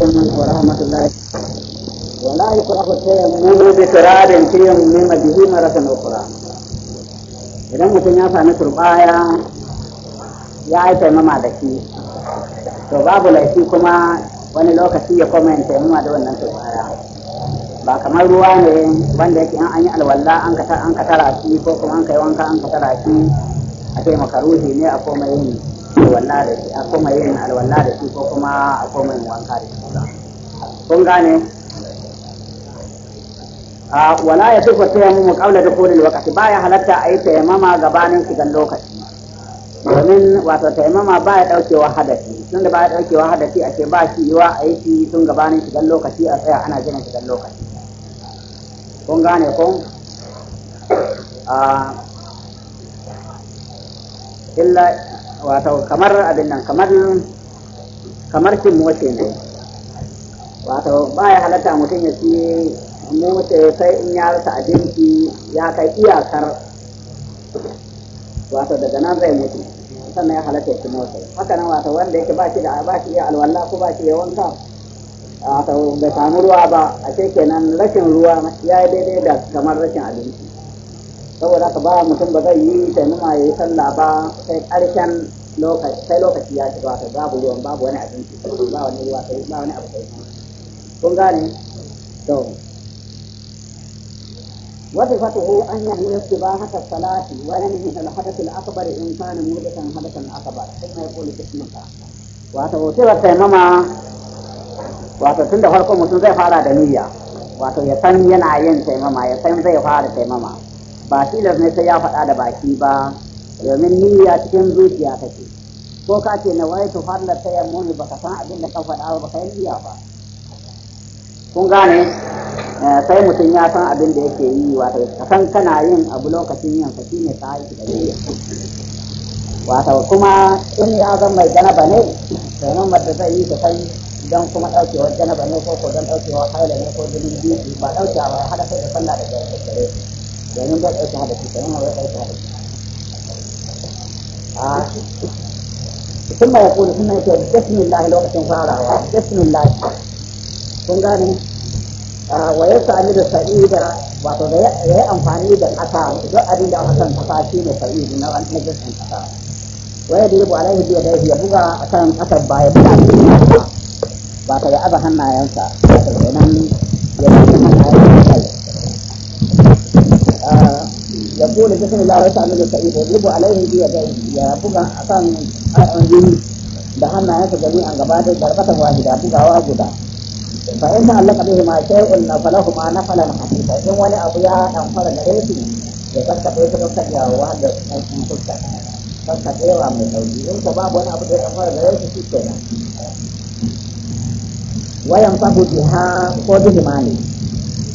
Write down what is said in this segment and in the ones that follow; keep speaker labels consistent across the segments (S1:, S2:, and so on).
S1: ورحمة الله ولا يكره التيمم بتراب به مرة أخرى idan mutum ya sami turbaya ya yi taimama da shi to babu laifi kuma wani lokaci ya koma yin taimama ba kamar ruwa ne wanda yake an yi alwala an ka tara shi ko kuma an kai wanka an ka tara shi a taimaka ruhi ne a komai yini alwala da shi a kuma yin alwala da shi ko kuma a kuma yin wanka da shi kun gane a wala ya tufa tayammumu qabla dukhulil waqti baya halatta a yi tayammama gabanin shigan lokaci domin wato taimama ba ya wa hadafi tunda ba ya wa hadafi a ce ba shi yiwa a yi shi tun gabanin shigan lokaci a tsaya ana jiran shigar lokaci kun gane kun illa wato kamar abin nan kamar kamar cin moce ne wato ba ya halatta mutum ya ci mu ce sai in ya rasa abinci ya kai iyakar wato daga nan zai mutu sannan ya halatta ci moce haka nan wato wanda yake ba shi da ba shi ya alwala ko ba shi ya wanka wato bai samu ruwa ba a ce kenan rashin ruwa ya yi daidai da kamar rashin abinci saboda haka ba mutum ba zai yi taimama ya yi sallah ba sai ƙarshen lokaci sai lokaci ya shiga ka babu ruwan babu wani abinci ba wani ruwa sai ba wani abu sai kun gane to وصفته أنه استباحة الصلاة وينهي الحدث الأكبر إن كان مودة حدثا أكبر ثم يقول باسمك
S2: wato sai wata nama
S1: wato tun da farko mutum zai fara da niyya wato ya san yana yin taimama ya san zai fara taimama ba tilas ne sai ya faɗa da baki ba domin niyya cikin zuciya take ko ka ce na wai to farla ta yamma ne baka san abin da ka faɗa ba ka niyya ba kun gane eh, sai mutum ya san abin da yake yi wato ka san kana yin abu lokacin yin sa shine ka yi da niyya wato kuma in ya zan mai janaba ne sai nan zai yi ta san don kuma ɗaukewar janaba ne ko ko ɗaukewar haila ne ko jinin biyu ba ɗaukewa ba hada sai da sallah da dare domin zai ɗauki hadasi ta yana zai ɗauki hadasi ثم يقول ثم يقول بسم الله لو كنت فارغ بسم الله kun gane ah, wa ya sami da sa'ida wato da ya yi amfani da ƙasa duk abin da aka san ƙasa shi ne sa'idu na wani jirgin ƙasa wa ya dirbu alaihi biya da ya buga akan kan ƙasar baya ba ta da aza hannayensa wato kenan rabu da jikin Allah sa'i ko rubu alaihi biya da ya buga akan ayan jini da hannayensa gani gaba da darbatan wahida bugawa guda fa in ta Allah ma na falahu ma in wani abu ya amfara gare shi ya mai sauki in ta babu wani abu da ya amfara gare kenan wayan ko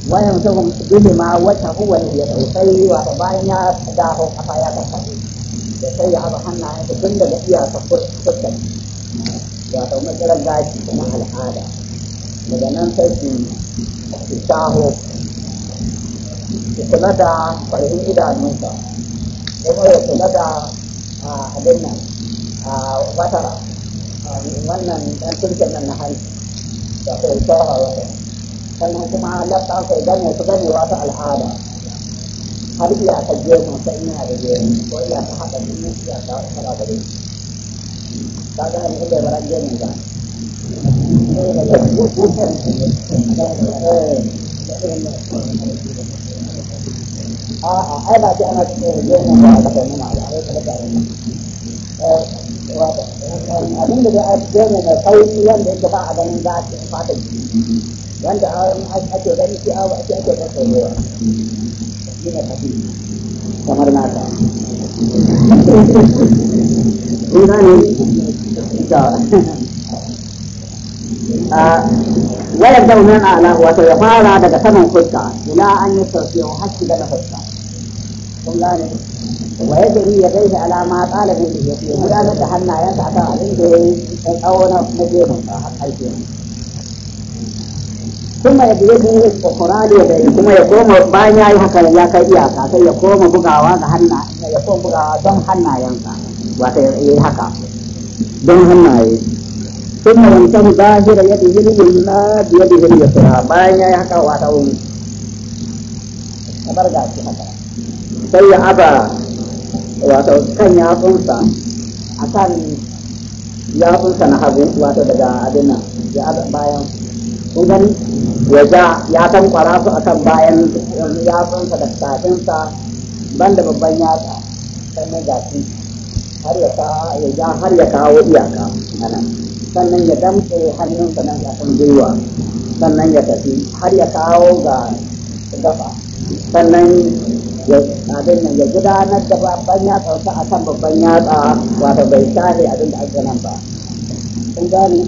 S1: wayan zuwan ma wata huwa ya tausayi wa bayan ya dawo kafa ya kafa. da sai ya haɓa hannayen da tun daga iyaka Ya wato matsalar gashi kuma al'ada daga nan sai su su taho su kula da farin idanunsa kuma ya kula da abin nan watara wannan ɗan turken nan na hannu. da kai tsawa wata sannan kuma lafta ka idan wasu gani wasu al'ada har iya ka je mu sai ina da je ko iya ka haɗa jini iya ka haɗa gare ka ga ni da baran je ne ba
S2: a'a ai ba
S1: ce ana cikin je mu ba a cikin nuna ba ai ka da abin da da a je mu mai sauki wanda yake ba a ganin za a ce fata jini wanda ake gani shi awa ake ake kasarewa shi ne kafi kamar nata kun gane wayar daunan ala wato ya fara daga saman fuska ila an yi sarfiya har shiga da fuska kun gane waye gari ya gai shi alama kala ne da ya gudanar da hannayensa akan abin da ya yi tsawo na gefen sa har kai kenan kuma ya biye ni kokorani da kuma ya koma bayan ya yi haka ya kai iyaka sai ya koma bugawa ga hanna ya koma bugawa don hannayensa wata ya yi haka don hannaye sun na wancan zahira ya biye ni na biye ni yi sura bayan ya yi haka wata wuni kamar ga shi haka sai ya aba wata kan ya tsunsa a kan ya tsunsa na hagu wata daga abin nan ya bayan su idan ya ja ya san kwara su kan bayan yatsunsa da tafinsa ban da babban yatsa sannan ga shi har ya ya ja har ya kawo iyaka nan sannan ya damtse hannunsa nan ya kan gwiwa sannan ya tafi har ya kawo ga gafa sannan abin nan ya gudanar da babban yatsa a kan babban yatsa wato bai shafe abin da ake nan ba sun gane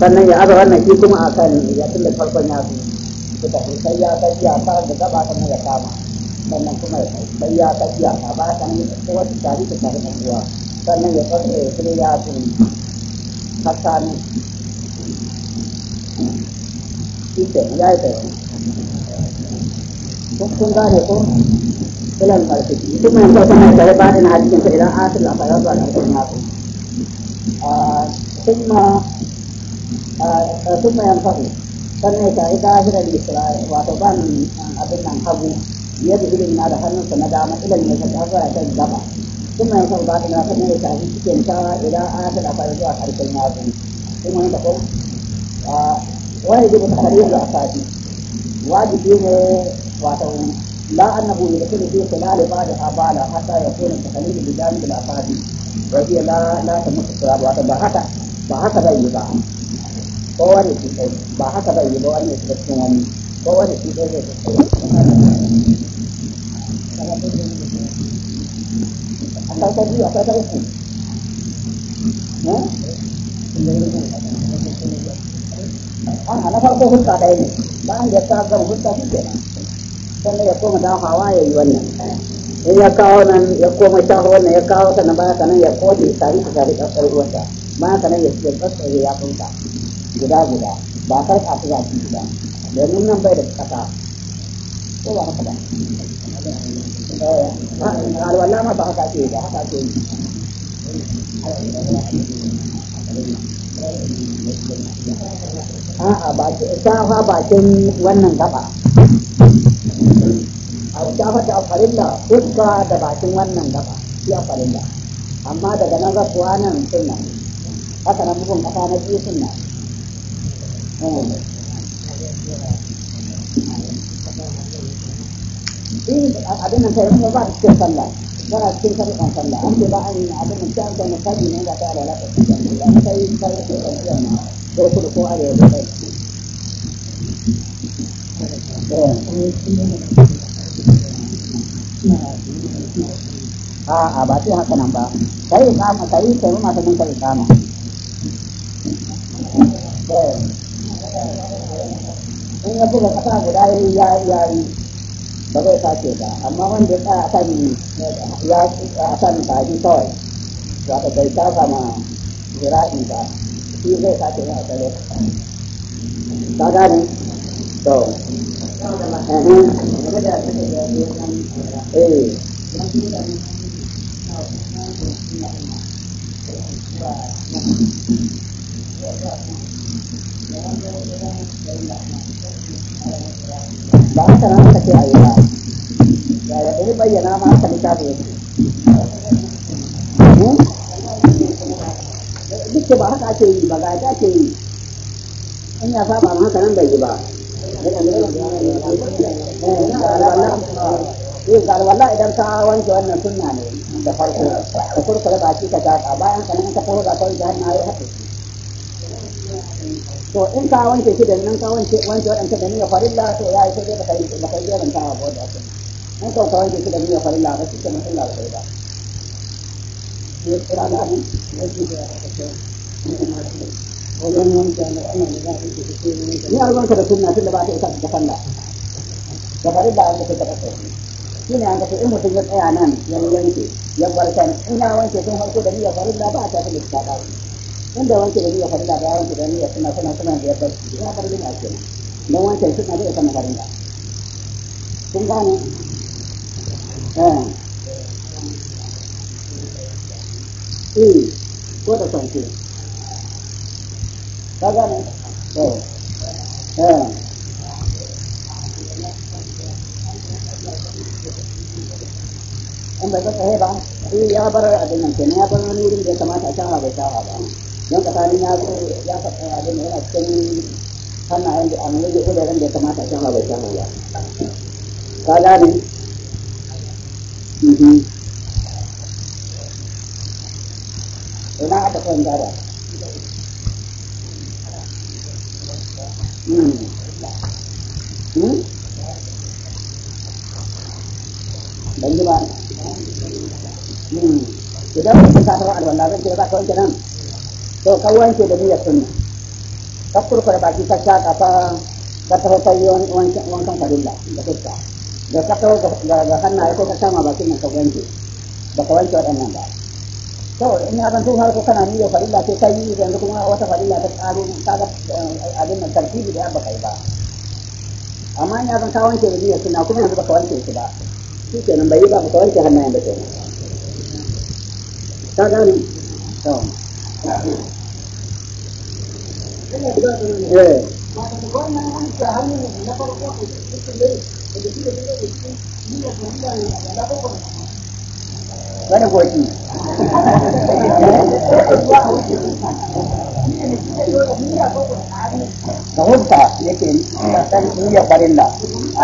S1: sannan ya aza wannan shi kuma a kan ya tun da farkon ya zo su ta kun sai ya kai ya fara da gaba ta ne ya kama sannan kuma ya kai sai ya kai ya ta ba ta ne ko wata tari ta tare da kuwa sannan ya fara ya kire ya zo ta kan shi ta ya ta ko kun gane ko kana da shi kuma yanzu sai ka ba ni hadisin ka idan asil a fara zuwa da kuma ah ثم ثم ينفضل sannan ta yi zahira da isra'il wato ban abin nan hagu ya da ilimin da hannunsa na dama ilimin ya saka hasara ta gaba sun mai kan ba ina sannan ya tafi cikin ta idan an ta dafa zuwa karshen yatsu sun wani da kuma wani zuba ta kariya da asati wajibi ne wato la annahu yadkhulu fi khilal ba'd abala hatta yakuna takalid bi janib al-asati wa hiya la la tamassu wato ba haka ba haka zai yi ba kowa da shi kai ba haka zai yi ba wani ne shiga cikin wani kowa da shi kai zai shiga akwai ta biyu akwai ta uku
S2: eh?
S1: a na farko hutta ɗaya ne bayan da ya ta gama hutta shi ke nan sannan ya koma dafawa ya yi wannan in ya kawo nan ya koma shaho wannan ya kawo sannan baya kanan ya koje tare da tare da ƙasar ruwansa ma ka nan ya ce tsatsaye ya kunta guda guda ba kar ka ta zaki guda domin nan bai da kasa ko ba haka ba alwala ma ba haka ce ba haka ce a'a ba ce, shafa bakin wannan gaba shafa ta farilla fuska da bakin wannan gaba ya a farilla amma daga nan zakuwa nan sunan haka nan bugun kasa na biyu abin nan sai kuma ba cikin sallah yana cikin sarƙon sallah an ce ba an yi abin nan sai an zama sabi ga ta cikin sai ko an yi ko kudu ko arewa ko kai a'a ba haka nan ba kai in ya buga kasa guda ya ya yi ba zai sace ba amma wanda ya tsaya kan ya a kan kaji kawai wato bai shafa ma zira'i ba shi zai sace ya tsare ka gane to eh ba haka nan aka ce a yi ba yaya ɗaya bayyana ma haka da yake duk ba haka ake yi ba ga ake ake yi an ya saba ma haka nan bai yi ba ga wallah idan ka wanke wannan sunna ne da farko ka kurkure baki ka taka bayan ka nan ka fara ka kawai hannaye haka to in ka wanke shi da nan ka wanke wanke waɗanda da niyyar farilla to ya yi sai dai baka yi baka yi ban tawa ba da shi in ka ka wanke shi da niyyar farilla ba shi ke kenan Allah ba ba ne kira da abin da shi da da ana da da sunna tunda ba ta isa da falla da farilla da ta ta shi ne an ga in mutum ya tsaya nan ya yanke ya barkan ina wanke sun harko da niyyar farilla ba ta ta da ta wanda wanke da niyya farilla ba wanke da niyya suna suna suna da yadda suna farilla ke nan don wanke da suna farilla sun gane eh. eh ko da kwanci ka gane eh eh in bai ba eh, ya bar abin nan ya bar wani wurin da ya kamata a bai ba Yan tsakanin ya ya faɗa ya gani yana cikin hannayen da amma yake kudurin da ya kamata a shama bai shama ba ka gane mhm. ina aka kan gada mhm. hmm? ban ji ba hmm. idan ka taɓa alwala zan ce za ka wanke nan to ka wanke da niyyar sunna ka kurkura baki ka sha kafa ka taho kai wankan farilla da fuska da ka taho ga hannaye ko ka sama bakin nan ka wanke ba ka wanke waɗannan ba to in ya zanto har ko kana niyyar farilla sai kai yi yanzu kuma wata farilla ta ƙaro ta ga eh, abin nan tartibi da ba kai ba amma in ya zan ka wanke da niyyar sunna kuma yanzu ba ka wanke shi ba shi kenan bai yi ba ka wanke hannayen da kenan ka gani to Thank you. eh wani goji da yake san niyyar farilla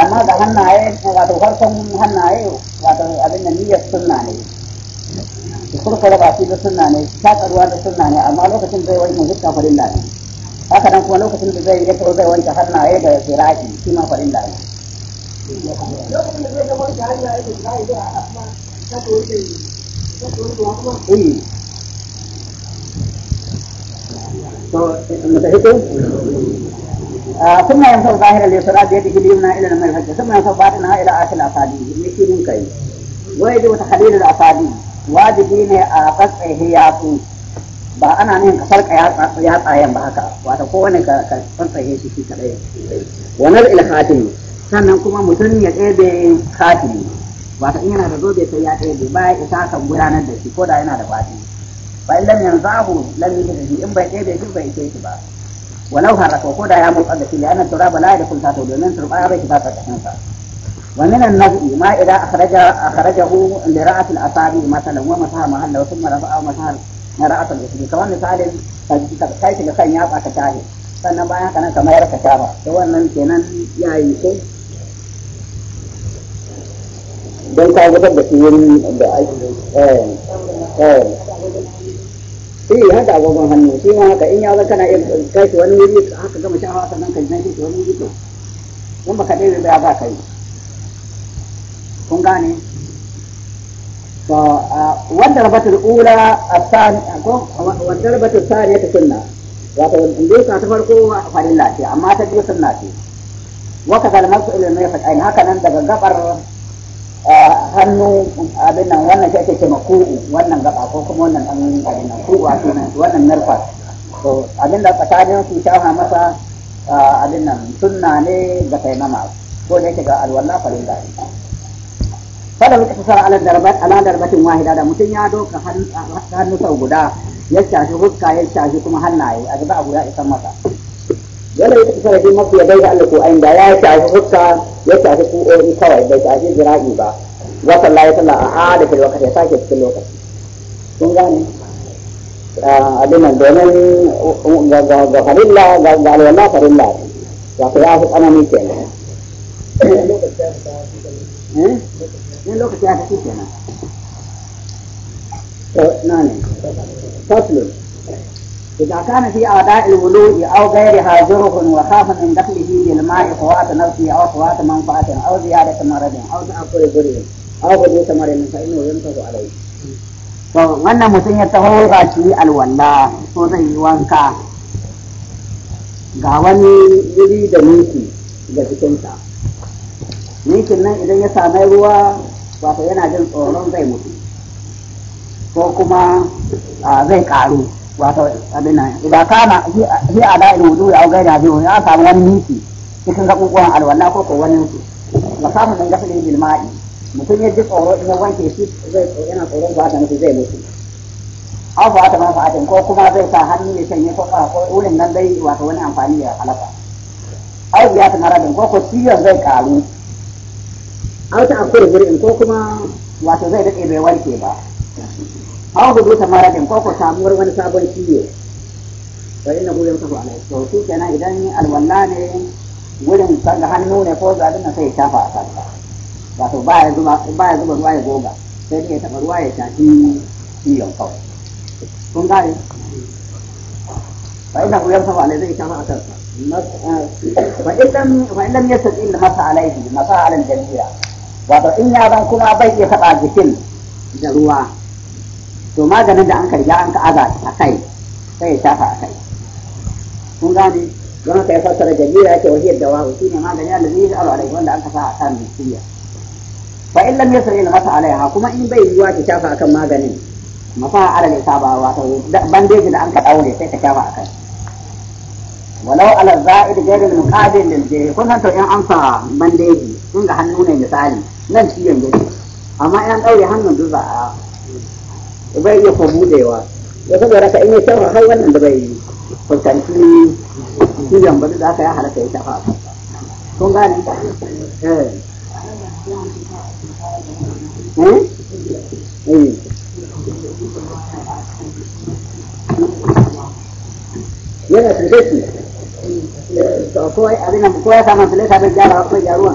S1: amma da hannaye wato farkon hannaye wato abin da niyyar sunna ne kurkura ba da sunna ne shakarwa da sunna ne amma lokacin zai wani hudda farilla ne haka nan kuma lokacin da zai rika zai wanke hannaye da zira'i shi ma farin da
S2: lokacin
S1: da zai wanke hannaye da zira'i da asma ta koyi ta koyi kuma eh to mutahikin ثم ينفع ظاهرا لصلاة يده اليمنى إلى المرفق ثم ينفع باطنها إلى آخر الأصابع مثل كي ويجب تخليل الأصابع واجبين أقصعه يعطوه ba ana nan ka sarka ya tsayen ba haka wata kowane ka tsantsaye shi shi kadai wannan khatimi sannan kuma mutum ya tsebe khatimi wata in yana da zobe sai ya tsebe ba ya isa kan gudanar da shi ko da yana da kwaci ba in lam yanzahu lam shi in bai tsebe shi bai ishe shi ba walau haraka ko da ya motsa da shi ya nan turaba la da kulta to domin turba bai shiga karkashin ta wa min an-nafi ma idan akhraja akhrajahu li ra'atil asabi masalan wa masaha mahallahu thumma rafa'a masaha na ra'atul usuli kamar misalin ka kai shi ga kan yatsa ka tare sannan bayan haka nan kamar ka shafa da wannan kenan ya yi sai don ka gudanar da shi da aiki eh eh sai haka agogon hannu shi ma haka in ya zan kana kai shi wani wuri haka gama shan hawa sannan ka jinashi shi wani wuri to mun baka ɗaya ba ba kai kun gane والضربة الأولى الثانية والضربة الثانية سنة وتدريك تفرقوا فلله أما تدريك سنة وكذا المرء إلى الميقات أين هكذا ندق قبر hannu abin nan wannan shi ake ce maku'u wannan gaba ko kuma wannan ɗan abin nan ku'u a sunan wannan narfas to abin da tsakanin su shafa masa abin nan sunna ne ga taimama ko yake ga alwala falin da falam kasar ala darbat ala darbatin wahida da mutum ya doka hannu sau guda ya shafi hukka ya shafi kuma hannaye a gaba abu ya isan masa yana yi kasar da mafi ya bai da Allah a inda da ya shafi hukka ya shafi ku'o'i kawai bai shafi jira'i ba wa sallah ya sallah a fil lokaci ya sake cikin lokaci kun gane abin domin ga farilla ga alwala farilla Ya wato ya fi tsanani kenan in lokaci ya tafi kenan na ne faslun إذا كان في أعداء الولوء أو غيرها زرف وخاف من دخله بالماء قوات نفسه أو قوات منفعة أو زيادة مرض أو تأكل بري أو حدوث مرض فإنه ينفق عليه. wannan mutum ya taho الولاء shi وانكا so يريد yi wanka ga nikin nan idan ya same ruwa wato yana jin tsoron zai mutu ko kuma zai karu wato abin nan idan kana shi a da'in wudu ya auga da biyu ya samu wani niki cikin gaɓuɓɓuwan alwala ko ko wani su ɗan dan gasalin bilma'i mutum ya ji tsoro in wanke shi zai yana tsoron ba da mutu zai mutu an ba ta manfa'atin ko kuma zai sa hannu ya shanye ko ko wurin nan dai wato wani amfani ya halaka ai ya ta maradin ko ko zai karu aw ta akuru bir'in ko kuma wato zai daɗe bai warke ba aw hudu ta maradin ko ko samuwar wani sabon ciwo fa inna hu yamsahu alai to shi kenan idan alwalla ne wurin kaga hannu ne ko zaɓin nan sai ya shafa a ba wato baya zuba ruwa ya goga sai ne taɓa ruwa ya shafi ciwon kawai kun gane fa inna hu yamsahu alai zai shafa a kanka فإن لم يستطع إلا masa عليه مسا على الجزيرة wato in ya zan kuma bai iya taɓa jikin da ruwa to maganin da an karya an ka aza a kai sai ya shafa a kai kun gane don haka ya fassara jami'a yake wahiyar da wahu ne maganin da zai aro alai wanda an ka sa a kan jikiya fa in lam yasri in masa alaiha kuma in bai yiwa ta shafa akan maganin masa ta isaba wato bandeji da an ka daure sai ka shafa a kai walau ala za'id ghairi muqabil lil jayh kun san to in an sa bandeji kun ga hannu ne misali nên được, à mai hăng นั่นเที่ยงเลย amma an ɗaure hannun duk ba a bai iya ko budewa ya saboda ka in ya shafa kai wannan da bai fuskanci ciwon ba da aka ya halaka ya shafa kun gane eh eh yana tsirrai ko abin ko ya samu tsirrai sabon gyara ko gyaruwa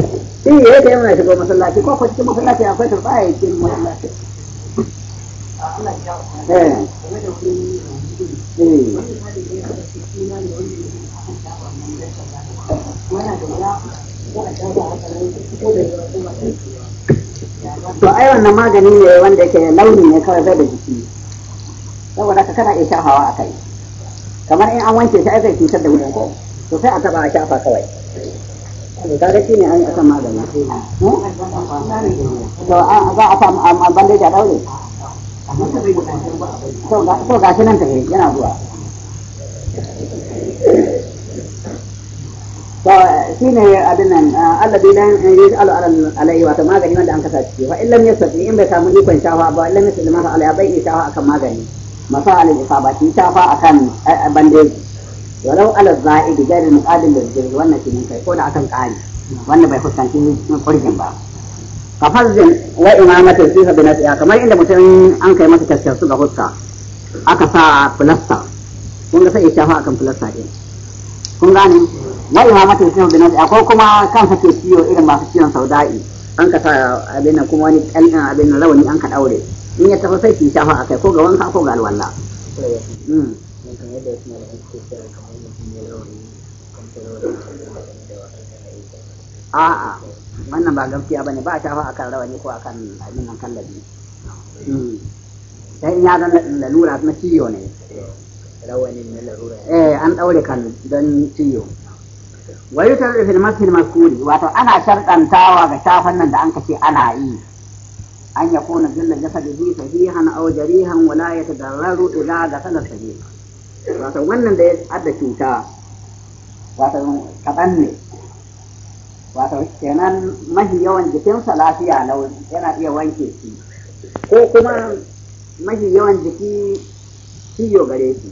S1: in eh, ya da yana shigo masallaci ko cikin masallaci akwai turba ya cikin masallaci eh. to ai wannan magani ne wanda ke launi ne kawai zai da jiki saboda ka kana iya shafawa a kai kamar in an wanke shi ai cutar da wurin ko to sai a taba a shafa kawai kaga shi ne an magani hmm? to za a samu a daure to ga shi nan yana zuwa to shi ne abin nan yi eh, magani wanda an kasa ciki wa illam yasfi in bai samu ikon shafa ba illam yasfi bai yi shafa akan magani masa alai shafa akan eh, bandeji walau ala za'idi gari muqabil da jirgi wannan shi kai ko da akan kari wannan bai fuskanci kurjin ba ka fazzin wa imamatin fi sabi nasiya kamar inda mutum an kai masa tafsir su huska aka sa filasta kun sai ya shafa akan filasta din kun gane wa imamatin fi sabi nasiya ko kuma kan ke ciwo irin masu ciwon sauda'i an ka sa abin nan kuma an ka daure in ya tafi sai ki shafa akai ko ga wanka ko ga alwala hmm. a'a wannan ba gaskiya bane ba a shafa akan rawani ko akan abin nan kallabi hmm. sai in ya zan lalura na ciyo ne rawanin na lalura eh an daure kan don ciyo wa yutar fil masjid maskuri wato ana sharɗantawa ga shafan nan da an kace ana yi an jasa da jasadihi sahihan aw jarihan wala yatadarraru ila gasal sahihan wato wannan da ya adda cuta wato kaɗan ne wato kenan mahi yawan jikinsa lafiya lau yana iya wanke shi ko kuma mahi yawan jiki ciyo gare shi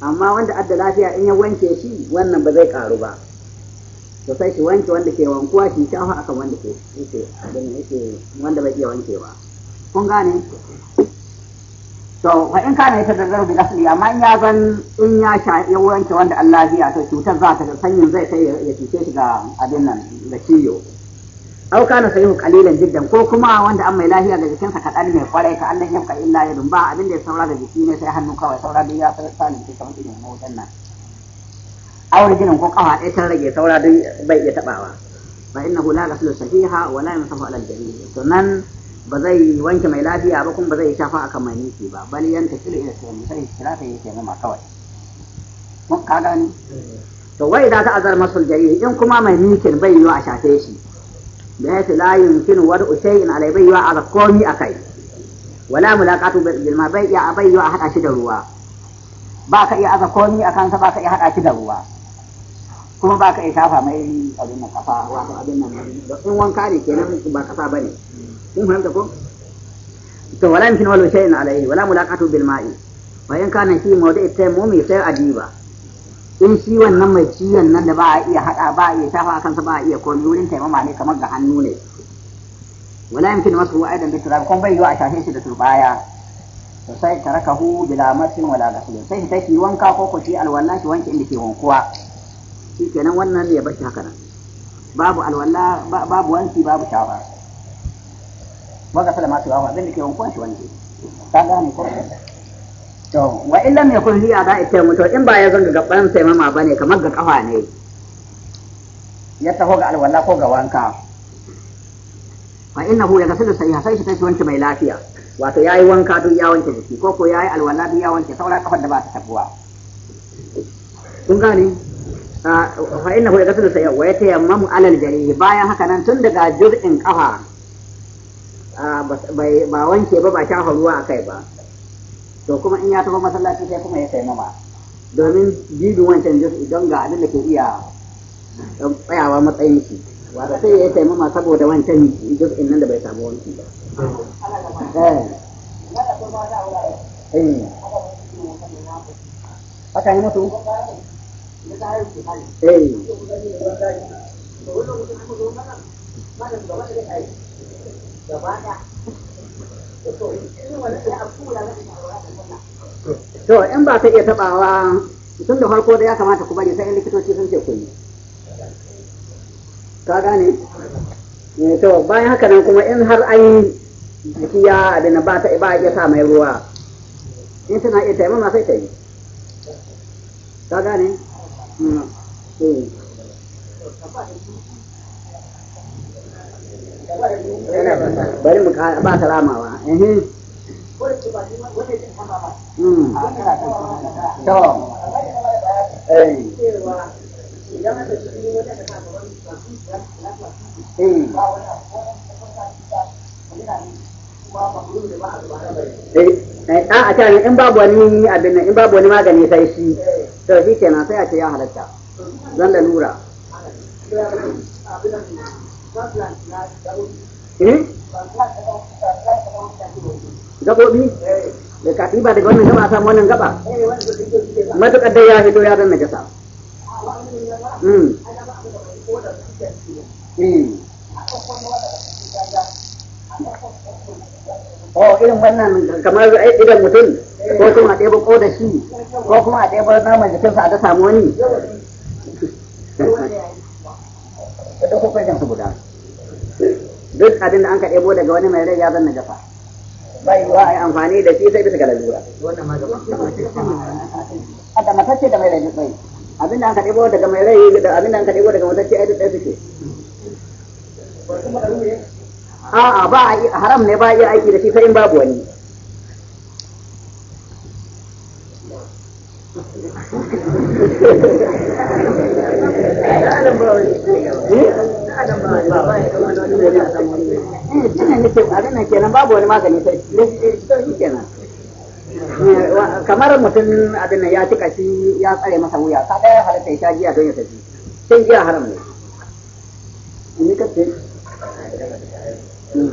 S1: amma wanda adda lafiya in ya wanke shi wannan ba zai karu ba to sai shi wanke wanda ke wankuwa shi shafa akan wanda ke wanda bai iya wankewa kun gane to fa in kana ita da bi asli amma in ya zan in ya sha ya wanke wanda Allah ya to cutar za ta da sanyin zai sai ya cuce shi ga abin nan da ciyo au kana sayu qalilan jiddan ko kuma wanda an mai lafiya ga jikin sa kadan mai kwarai ka Allah ya kai illa yadun ba abin da ya saura da jiki ne sai hannu kawai saura da ya saura sanin kamar irin motan nan aure jinin ko kafa ɗaya ta rage saura dai bai iya tabawa fa innahu la ghaslu sahiha wa la yamsahu ala al-jami'i to nan ba zai wanke mai lafiya ba kuma ba zai shafa akan mai nufi ba bal yanta kilu ila sai sai kira ta yake nama kawai mun ka gani to wai da ta azar masul jarih in kuma mai mikin bai yiwa a shafe shi da yake la yumkinu wad'u shay'in alai bai yiwa a komi akai wala mulaqatu bil ma bai ya bai yiwa a hada shi da ruwa ba ka iya aza komi akan sa ba ka iya hada shi da ruwa kuma ba ka shafa mai abin da kafa wato abin nan in wanka ne kenan ba kasa bane kun fahimta ko to wala yumkinu walu shay'in alayhi wala mulaqatu bil ma'i wa in kana shi mu tayammumi sai adiba in shi wannan mai ciwon nan da ba a iya hada ba a iya shafa a kansa ba a iya komai wurin taimama ne kamar ga hannu ne wala yumkinu wasu aidan bi turab kun bai yiwa a shafe shi da turbaya to sai tarakahu bila masin wala ghaslin sai ta shi wanka ko ko shi alwala shi wanke inda ke wankuwa shi kenan wannan ne ya bashi haka nan babu alwala babu wanki babu shawara wa ga da masu wawa abinda ke wankuwan shi wanke ga gane kuma to wa illa lam kun liya da ita to in ba ya zanga gaban sai mama bane kamar ga kafa ne ya taho ga alwala ko ga wanka fa innahu ya sayyi'a sai shi ta wanke mai lafiya wato yayi wanka duk ya wanke jiki ko ko yayi alwala duk ya wanke saura kafar da ba ta tabuwa kun gane fa innahu yaghsilu sayya wa yatayammamu alal jari bayan haka nan tun daga juz'in kafa ba wanke ba ba shafa ruwa akai ba to kuma in ya tafi masallaci sai kuma ya taimama domin jibin wancan juz'i don ga abin da ke iya tsayawa matsayin shi wata sai ya taimama saboda wancan juz'in nan da bai samu wanki ba eh. Eh. Haka ne mutu? eh to in ba ka iya tabawa tun da farko da ya kamata ku bari sai likitoci sun ce ku ka gane eh, to bayan haka nan kuma in har an jiki ya abin ba ta ba iya sa mai ruwa in tana iya taimaka, sai ta yi ka gane bari mu kara ba salamawa eh hmm. to eh Eh, eh, a ta in babu wani abin nan in babu wani magani sai shi to shi kenan sai a ce ya halatta zan eh? da lura gabobi da kafi ba daga wannan gaba a samu wannan gaba
S2: matuƙar dai ya
S1: fito ya zan najasa Mm. o irin wannan kamar idan mutum ko kuma a ɗebo ko da shi ko kuma a ɗebo naman jikinsa a ta samu wani duk hukuncin su guda duk abin da an ka ɗebo daga wani mai rai ya zanna jafa bai wa a yi amfani da shi sai bisa ga lalura a da matacce da mai rai bai abin da an ka ɗebo daga mai rai da abin da an ka ɗebo daga matacce ai duk ɗaya suke a'a ba haram ne ba a iya aiki da shi sai in babu wani kenan babu wani magani sai kenan kamar mutum abin nan ya ci kashi ya tsare masa wuya ta ga ya halatta ya sha giya don ya tafi sai giya haram ne ni kace Hmm.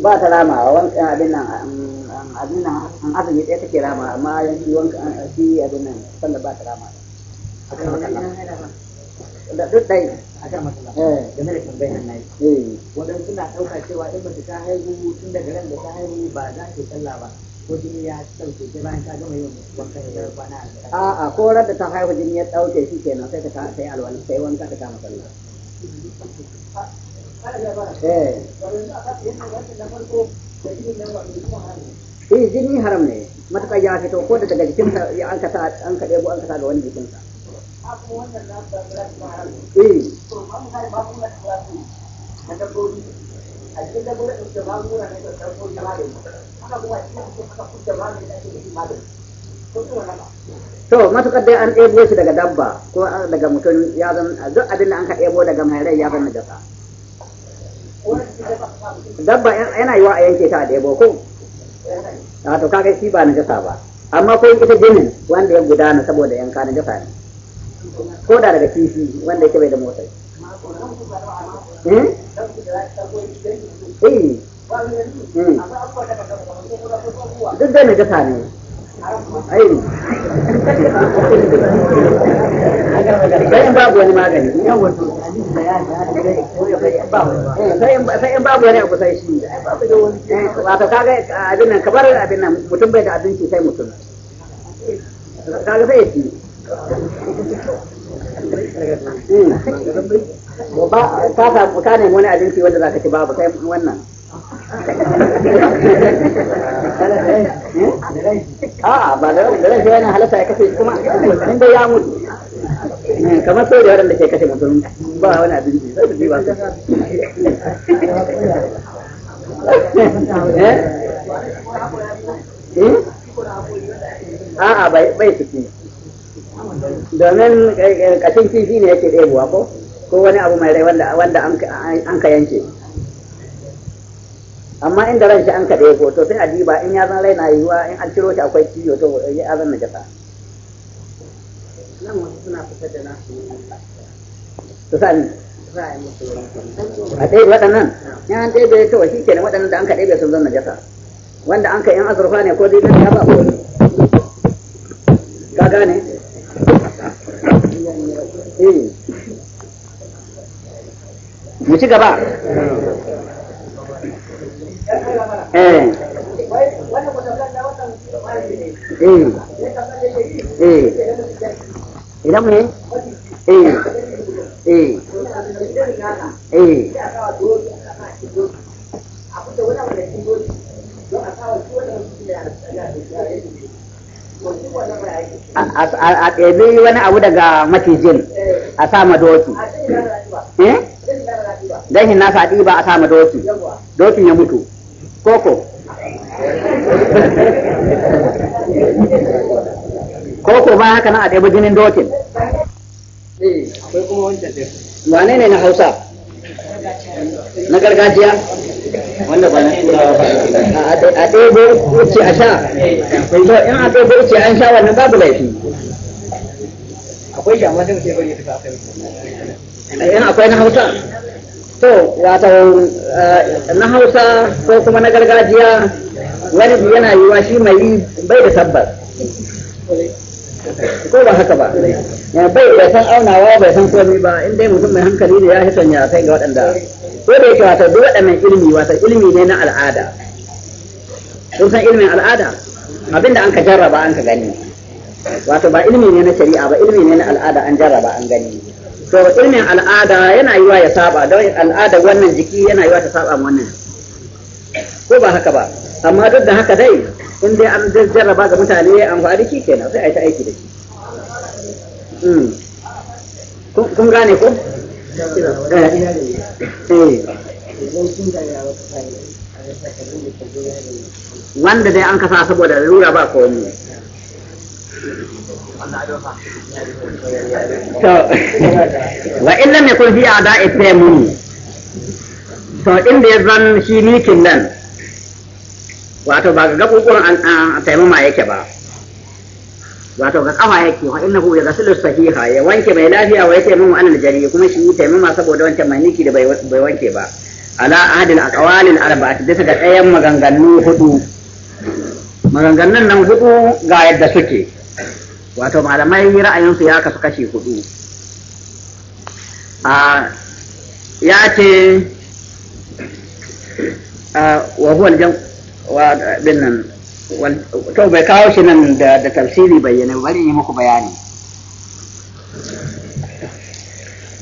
S1: ba ta rama wankan abin abin nan an ɗaya take rama amma yanzu wankan shi abin nan ba ta rama a kan matsala waɗansu na ɗauka cewa in ba ta haihu tun daga ran da ta haihu ba za ta yi sallah ba ko jini ya sauke sai bayan ka gama yin wankan kwana a a ko da ta haihu jini ya dauke shi kenan sai ka sai alwala sai wanka ka kama sallah eh eh jini haram ne matuƙa ya fito ko da daga jikinsa an ka sa an ka an ka sa ga wani jikinsa a eh. to matukar dai an ɗebo shi daga dabba ko daga mutum ya zan duk abin da an ka ɗebo daga mairai rai ya zan na gasa dabba yana yiwa a yanke ta a ɗebo ko a to kaga shi ba na gasa ba amma ko ita jinin wanda ya gudana saboda yanka na gasa ne ko da daga kifi wanda yake bai da motsa
S2: hmm? eh duk da ne jasa ne ai sai in babu wani magani
S1: sai in babu wani abu sai shi eh, wato kaga abin nan kabar abin nan mutum bai da abinci sai mutum kaga sai shi hmm. ba ka ka ne wani abinci wanda zaka ci babu sai wannan a'a ba da da rai yana halatta ya kashe kuma in dai ya mutu kamar sau da waɗanda ke kashe mutum ba wani abin da zai ba a'a bai ciki domin eh, eh, kashin kifi ne yake ɗebuwa ko ko wani abu mai rai wanda an ka yanke amma inda ran shi an kaɗe ko to sai a diba in ya zan rai na yiwuwa in an ciro shi akwai ciwo to ya na jasa. nan wasu suna fitar da nasu to sani a ɗaya waɗannan ya an ɗaya bai kawai shi kenan waɗannan da an kaɗe bai sun zan najasa wanda an ka yan azurfa ne ko zai ya ba ko ka gane eh. mu ci gaba eh eh eh a ɗebi wani abu daga macijin a sa ma doki eh dahin nasa ɗiba a sa ma doki dokin ya mutu koko koko ba haka nan a ɗaya jinin dokin wane ne na hausa na gargajiya wanda ba na turawa ba a ɗebo wuce a sha to in a ɗebo wuce an sha wannan babu laifi akwai shi amma sai mu ce bari ta kafa
S2: eh, in akwai na hausa
S1: to wato eh, na hausa ko kuma na gargajiya wani yana yi shi mai yi bai da tabbas ko ba haka ba eh, bai da san aunawa bai san komi ba in dai mutum mai hankali ne ya fi sanya kai ga waɗanda ko da yake wato duk waɗannan ilimi wato ilimi ne na al'ada kun san ilimin al'ada abinda an ka jarraba an ka gani wato ba ilimi ne na shari'a ba ilimi ne na al'ada an jarraba an gani to ilmin al'ada yana yiwa ya saba don al'ada wannan jiki yana yiwa ta saba wannan ko ba haka ba amma duk da haka dai in dai an jarraba ga mutane an faɗi shi kenan sai a yi ta aiki da shi hmm.
S2: kun gane ko? Eh. Eh.
S1: wanda dai an kasa saboda lura ba kowanne.
S2: wa in lam yakun fi ada muni,
S1: to inda ya zan shi mikin nan wato ba ga gabubuwan an taimama yake ba wato ga kafa yake wa innahu ya gasilu sahiha ya wanke mai lafiya wa yake mun anil jari kuma shi yi taimama saboda wancan mai niki da bai wanke ba ala ahadil aqwalil arba'ati bisa ga ɗayan maganganu hudu maganganun nan hudu ga yadda suke wato malamai ra'ayinsu ya kasu kashi hudu ya ce wa huwa aljan wa nan, to bai kawo shi nan da tafsiri bayyana bari yi muku bayani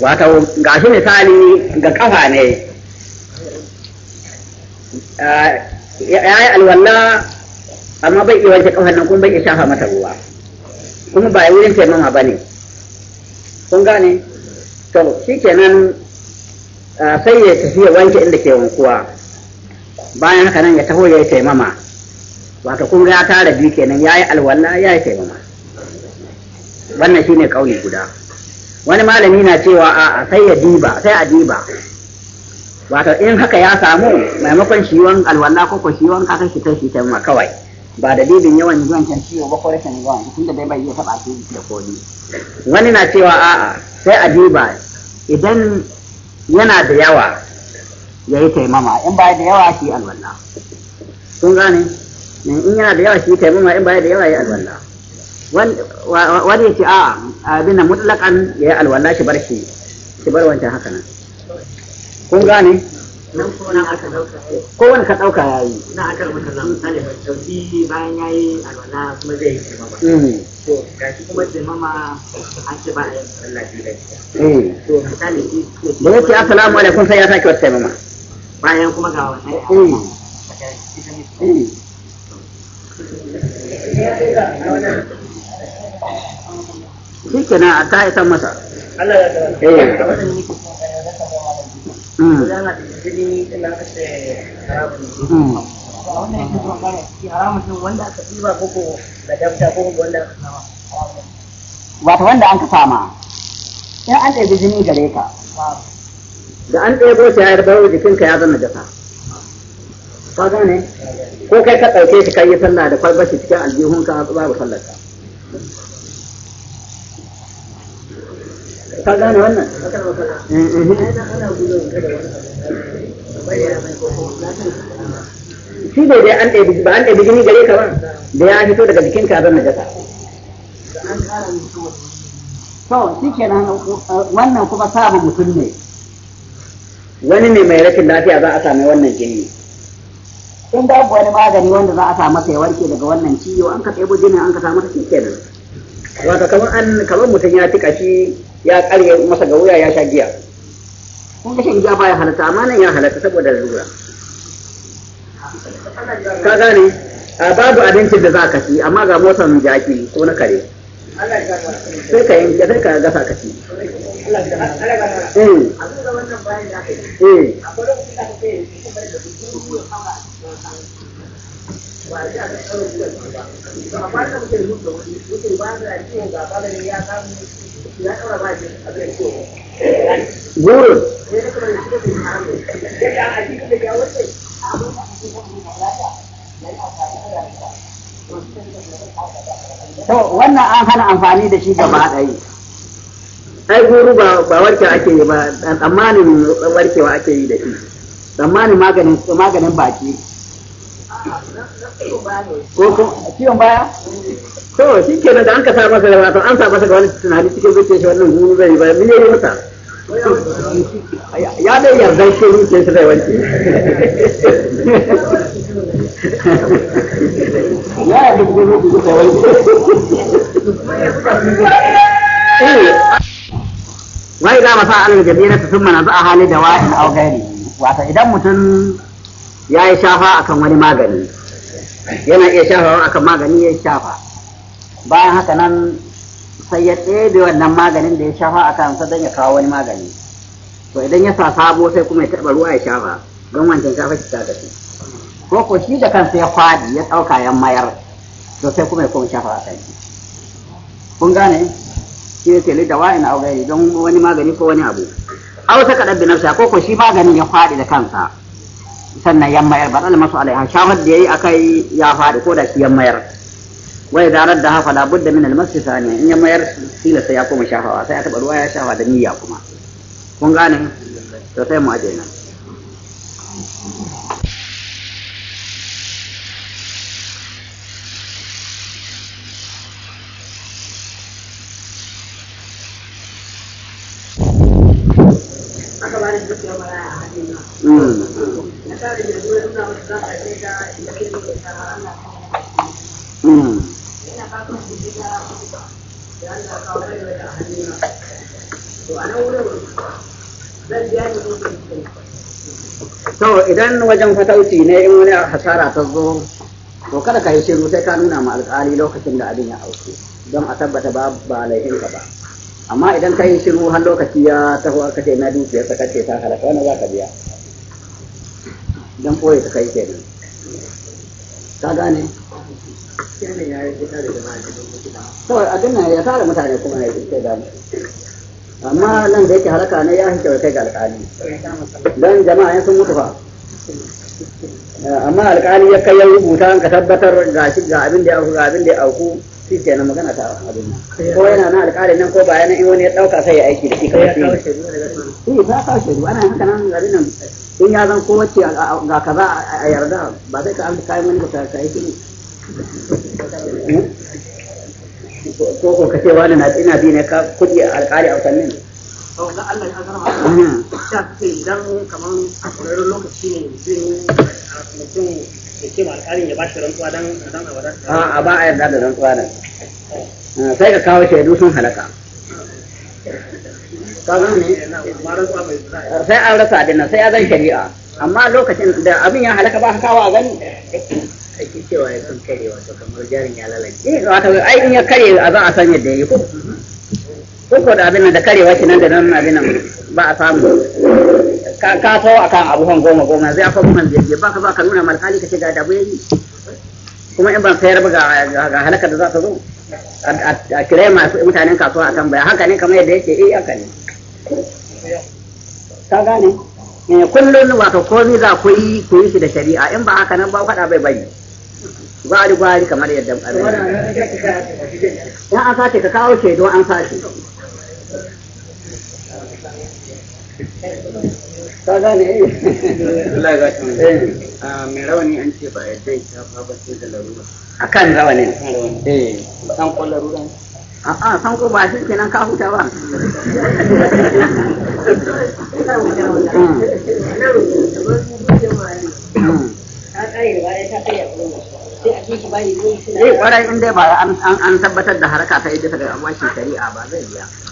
S1: wato ga shi misali ga kafa ne ya yi alwala amma bai iya wanke kafan nan kuma bai iya shafa mata ruwa kuma ba wurin taimama ba ne kun gane to shi kenan sai ya tafi ya wanke inda ke wankuwa bayan haka nan ya taho ya yi taimama wato kun ya tara biyu kenan ya yi alwala ya yi taimama wannan shine kauli guda wani malami na cewa a sai ya diba sai a diba wato in haka ya samu maimakon shiwon alwala ko ko shiwon kaka shi ta shi taimama kawai ba dalilin yawan zuwan can ciwo ba ko rashin zuwan tunda da bai iya taba su da koli wani na cewa a'a sai a duba idan yana da yawa ya yi taimama in ba da yawa shi alwala sun gane in yana da yawa shi taimama in ba da yawa ya alwala wani ya ce a abin na mutlakan ya yi alwala shi bar shi shi bar wancan haka nan kun gane nan ko nan aka dauka ko wani ka dauka yayi na aka maka nan misali sauki bayan yayi alwala kuma zai yi mama mm. to shi kuma zai mama an ce ba a yin sallah biyu da mm. to misali ba yake assalamu alaikum sai ya sake wata mama bayan kuma ga wani. Mm. shi kenan a ta isa masa
S2: Allah ya
S1: Mm. Mm. wata wanda an ka sama in an ɗaya jini gare ka da an ɗaya shi ya yarda jikinka ya zama jasa ka gane ko kai ka ɗauke shi kai yi sallah da kwalbashi cikin aljihun aljihunka babu sallar ka gane wannan eh, eh. shi bai dai an ɗaya ba an ɗaya jini gare ka ba da ya fito daga jikin ka zan najasa to shi kenan wannan kuma sabu mutum ne wani ne mai rashin lafiya za a sami wannan jini in babu wani magani wanda za a samu masa ya warke daga wannan ciwo an ka ɗebo jinin an ka sa masa shi kenan wato kamar an kamar mutum ya tika shi ya karye masa ga wuya ya sha giya kun ga shan giya baya halatta amma nan ya halatta saboda lura ka gane a babu abincin da za ka ci amma ga motar jaki ko na kare sai ka yanke sai ka gasa ka ci eh, eh. ba a amfani da wannan an hana amfani da shi gaba ɗaya ai guru ba warkewa ake yi ba tsammanin warkewa ake yi da shi tsammanin maganin baki
S2: ko kuma
S1: ciwon baya to shi ke da an ka sa masa da an sa masa ga wani tunani cikin zuciyar shi wannan zuwa ba me yayi masa ya dai da yawanci ya yarda shi zuciyar da yawanci wai za masa alal jabira na za a hali da wa'in au wato idan mutum ya yi shafa akan wani magani yana iya shafa akan magani ya shafa bayan haka nan sai ya ɗebe wannan maganin da ya shafa a kansa don ya kawo wani magani to idan ya sa sabo sai kuma ya taɓa ruwa ya shafa don wancan shafa shi ta gashi ko ko shi da kansa ya faɗi ya ɗauka ya mayar to sai kuma ya kuma shafa a kansa kun gane shi ne tele da wa'in a don wani magani ko wani abu au ta kaɗa binarsa ko ko shi maganin ya faɗi da kansa sannan yan mayar ba masu alaiha shafar da akai ya faɗi ko da shi yan mayar wa da hafa ha fala budda min al masjid in yan mayar sila sai ya koma shafawa sai ya taɓa ruwa ya shafa da niyya kuma kun gane to sai mu aje nan to idan wajen fatauci ne in wani hasara ta zo to kada ka yi shiru sai ka nuna ma alƙali lokacin da abin ya auke don a tabbata ba ba laifin ka ba amma idan ka yi shiru har lokaci ya taho ka ce na dukiyar ka kace ta halaka wani za ka biya don ɓoye ta kai kenan ka gane kawai a nan ya tara mutane kuma ne ke da amma nan da yake haraka ne ya fi kai ga alƙali don jama'a sun mutu fa amma alƙali ya kai ya rubuta an ka tabbatar ga shi ga abin da ya auku ga abin da ya auku shi ke na magana ta abin nan ko yana na alƙali nan ko bayan in wani ya ɗauka sai ya aiki da shi kawai shi ta kawo shaidu ana haka nan abin nan in ya zan kowace ga ka za a yarda ba zai ka an kayan wani ba ka yi kini hmm? ko ko kace wani na ina bi ne ka kuɗi alƙali a watannin to ga Allah ya zama ta hmm. ce idan kamar a ƙwararren lokaci ne mutum ya ce ma alƙalin ya ba shi rantsuwa dan dan a wadar a ba a yarda da rantsuwa nan hmm, sai ka kawo shaidu sun halaka sai an rasa abin sai ya zan shari'a amma lokacin da abin ya halaka ba kawo a gani
S2: ake cewa ya san kare wato kamar jarin ya lalace eh wato ai in ya kare a za a
S1: san yadda ya yi ko ko da abin nan da karewa shi nan da nan abin nan ba a samu ka ka so akan abubuwan goma goma zai afa kuma zai ba ka ba ka nuna malhali ka ce ga dabu yayi kuma in ban sayar ba ga halakar da za ta zo a kire masu mutanen kasuwa a tambaya haka ne kamar yadda yake eh haka ne ka gane eh, kullum wato ni za ku yi ku yi shi da shari'a in ba haka nan ba faɗa bai bai gwari gwari kamar yadda
S2: ƙarfi ya an sace
S1: ka kawo shaidu an sace ka gane Allah ya gashi eh. ah, mai rawani an ce ba yadda ya shafa ba sai da laruwa akan rawanin eh san ko larura a'a san ko ba shi kenan ka huta ba
S2: Eh kwarai
S1: in dai ba an tabbatar da haraka ta yadda ta ga washi shari'a ba zai biya.